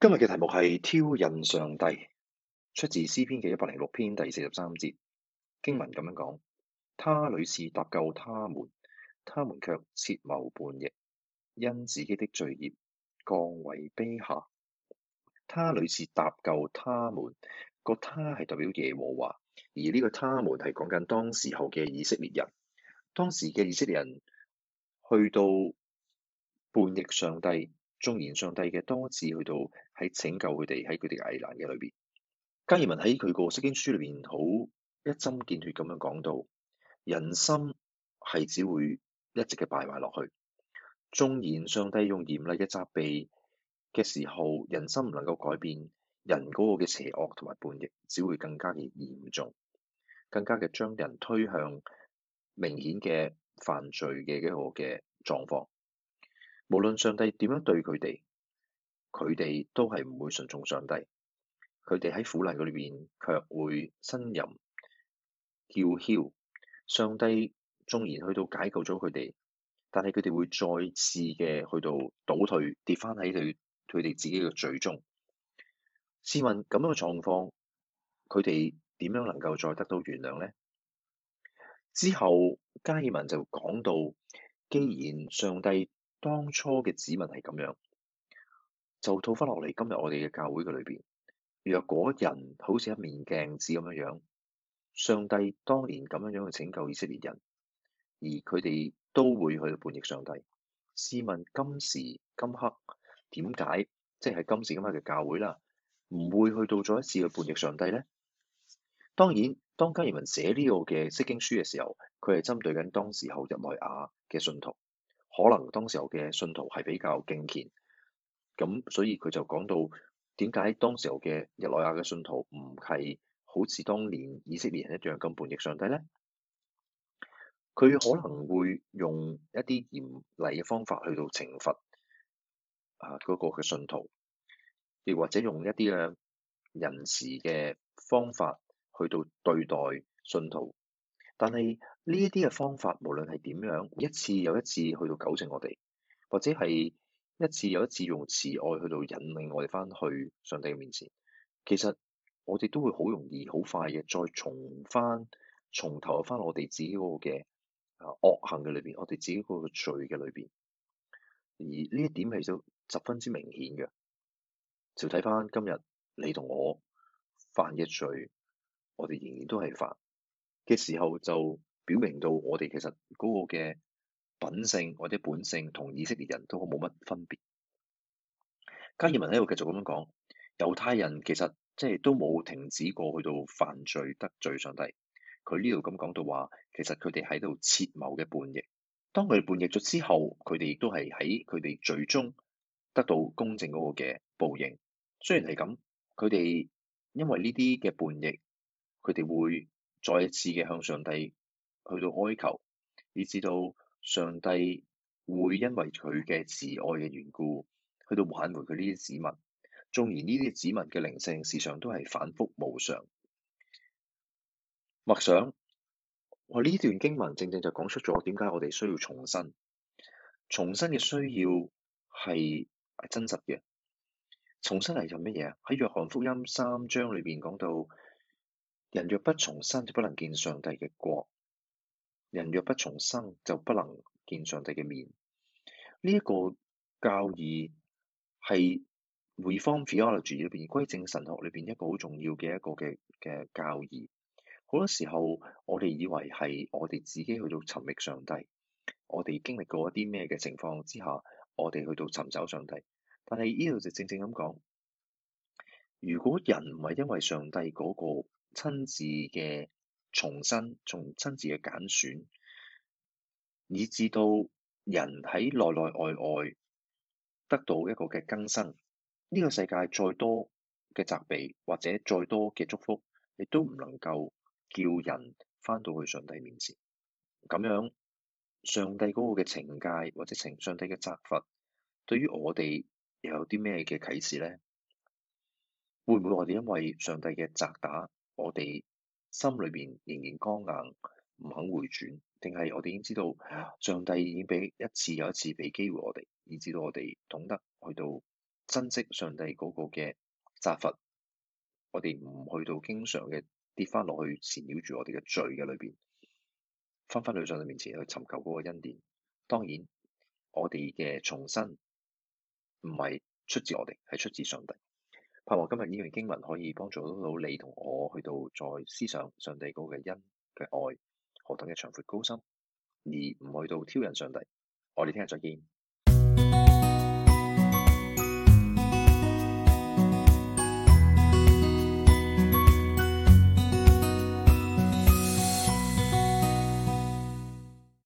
今日嘅題目係挑釁上帝，出自詩篇嘅一百零六篇第四十三節經文咁樣講：他屢次搭救他們，他們卻設謀叛逆，因自己的罪孽降為卑下。他屢次搭救他們，嗰個他係代表耶和華，而呢個他們係講緊當時候嘅以色列人，當時嘅以色列人去到叛逆上帝。縱然上帝嘅多次去到喺拯救佢哋喺佢哋危難嘅裏邊。加爾文喺佢個聖經書裏邊好一針見血咁樣講到，人心係只會一直嘅敗壞落去。縱然上帝用嚴厲嘅責備嘅時候，人心唔能夠改變，人嗰個嘅邪惡同埋叛逆只會更加嘅嚴重，更加嘅將人推向明顯嘅犯罪嘅嗰個嘅狀況。無論上帝點樣對佢哋，佢哋都係唔會順從上帝。佢哋喺苦難嗰裏邊卻會呻吟、叫囂。上帝縱然去到解救咗佢哋，但係佢哋會再次嘅去到倒退，跌翻喺佢佢哋自己嘅罪中。試問咁樣嘅狀況，佢哋點樣能夠再得到原諒呢？之後加爾文就講到，既然上帝，當初嘅指問係咁樣，就套翻落嚟今日我哋嘅教會嘅裏邊。若果人好似一面鏡子咁樣樣，上帝當年咁樣樣去拯救以色列人，而佢哋都會去到叛逆上帝。試問今時今刻點解？即係、就是、今時今刻嘅教會啦，唔會去到再一次去叛逆上帝咧？當然，當加爾文寫呢個嘅釋經書嘅時候，佢係針對緊當時候日內瓦嘅信徒。可能當時候嘅信徒係比較敬虔，咁所以佢就講到點解當時候嘅日內瓦嘅信徒唔係好似當年以色列人一樣咁叛逆上帝咧？佢可能會用一啲嚴厲嘅方法去到懲罰啊嗰個嘅信徒，亦或者用一啲嘅仁慈嘅方法去到對待信徒。但係呢一啲嘅方法，無論係點樣，一次又一次去到糾正我哋，或者係一次又一次用慈愛去到引領我哋翻去上帝嘅面前，其實我哋都會好容易、好快嘅，再重翻、重頭入翻我哋自己嗰個嘅啊惡行嘅裏邊，我哋自己嗰個罪嘅裏邊。而呢一點其實十分之明顯嘅，就睇翻今日你同我犯嘅罪，我哋仍然都係犯。嘅時候就表明到我哋其實嗰個嘅品性或者本性同以色列人都好冇乜分別。加爾文喺度繼續咁樣講，猶太人其實即係都冇停止過去到犯罪得罪上帝。佢呢度咁講到話，其實佢哋喺度設謀嘅叛逆。當佢哋叛逆咗之後，佢哋亦都係喺佢哋最終得到公正嗰個嘅報應。雖然係咁，佢哋因為呢啲嘅叛逆，佢哋會再一次嘅向上帝去到哀求，以至到上帝會因為佢嘅慈愛嘅緣故，去到挽回佢呢啲子民。縱然呢啲子民嘅靈性時常都係反覆無常。默想，我呢段經文正正就講出咗點解我哋需要重生。重生嘅需要係真實嘅。重生嚟做乜嘢？喺約翰福音三章裏邊講到。人若不重生，就不能見上帝嘅國；人若不重生，就不能見上帝嘅面。呢、這、一個教義係 Reform Theology 裏邊、歸正神學裏邊一個好重要嘅一個嘅嘅教義。好多時候我哋以為係我哋自己去到尋覓上帝，我哋經歷過一啲咩嘅情況之下，我哋去到尋找上帝。但係呢度就正正咁講，如果人唔係因為上帝嗰、那個，親自嘅重生，從親自嘅揀選，以至到人喺內內外外得到一個嘅更新。呢、這個世界再多嘅責備或者再多嘅祝福，亦都唔能夠叫人返到去上帝面前。咁樣，上帝嗰個嘅懲戒或者情，上帝嘅責罰，對於我哋又有啲咩嘅啟示呢？會唔會我哋因為上帝嘅責打？我哋心裏邊仍然剛硬，唔肯回轉，定係我哋已經知道上帝已經俾一次又一次俾機會我哋，以至到我哋懂得去到珍惜上帝嗰個嘅責罰我哋唔去到經常嘅跌翻落去纏繞住我哋嘅罪嘅裏邊，翻返去上帝面前去尋求嗰個恩典。當然，我哋嘅重生唔係出自我哋，係出自上帝。盼望今日呢段經文可以幫助到你同我去到再思想上帝嗰個嘅恩嘅愛何等嘅長闊高深，而唔去到挑釁上帝。我哋聽日再見。